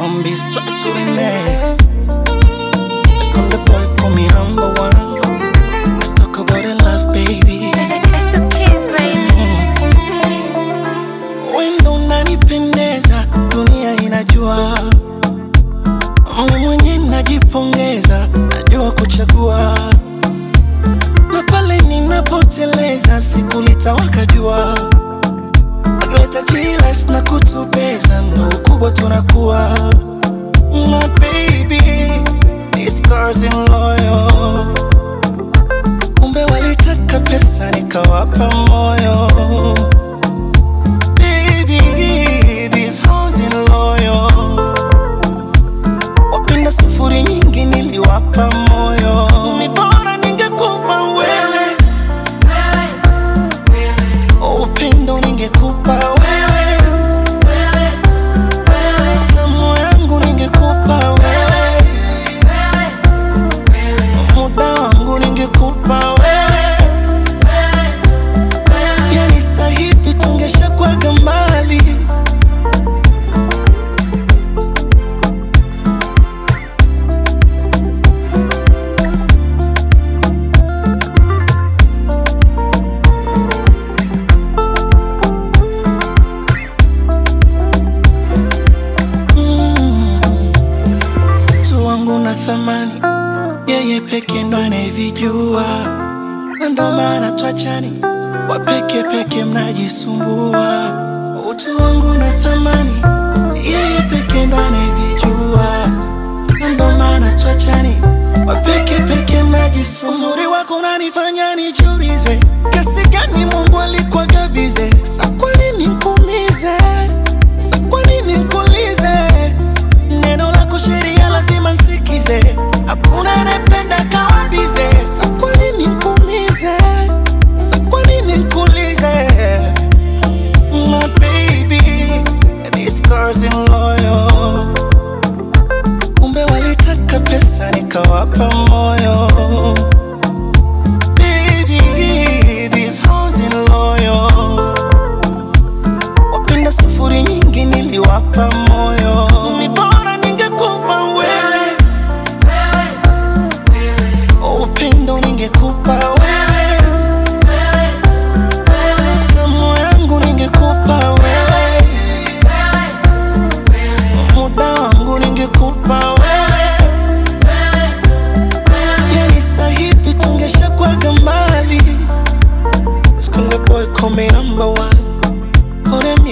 zombies try to the boy, call me number one. Let's talk about love, baby. kiss, baby. Wendo unanipendeza, dunia inajua. mwenye najipongeza, najua kuchagua. Na pale ninapoteleza, siku litawaka jua hata chiles na kutubeza ndo ukubwa tunakuwa My mm, baby, these girls walitaka pesa nikawapa moyo yeye peke ndo anevijua, na ndo maana twachani, wapeke peke mnajisumbua. Utu wangu na thamani, yeye peke ndo anevijua, na ndo maana twachani, wapeke peke mnajisumbua. Uzuri wako unanifanya niji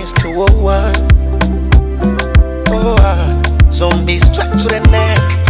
is to a word. Oh, ah. zombies strapped to the neck.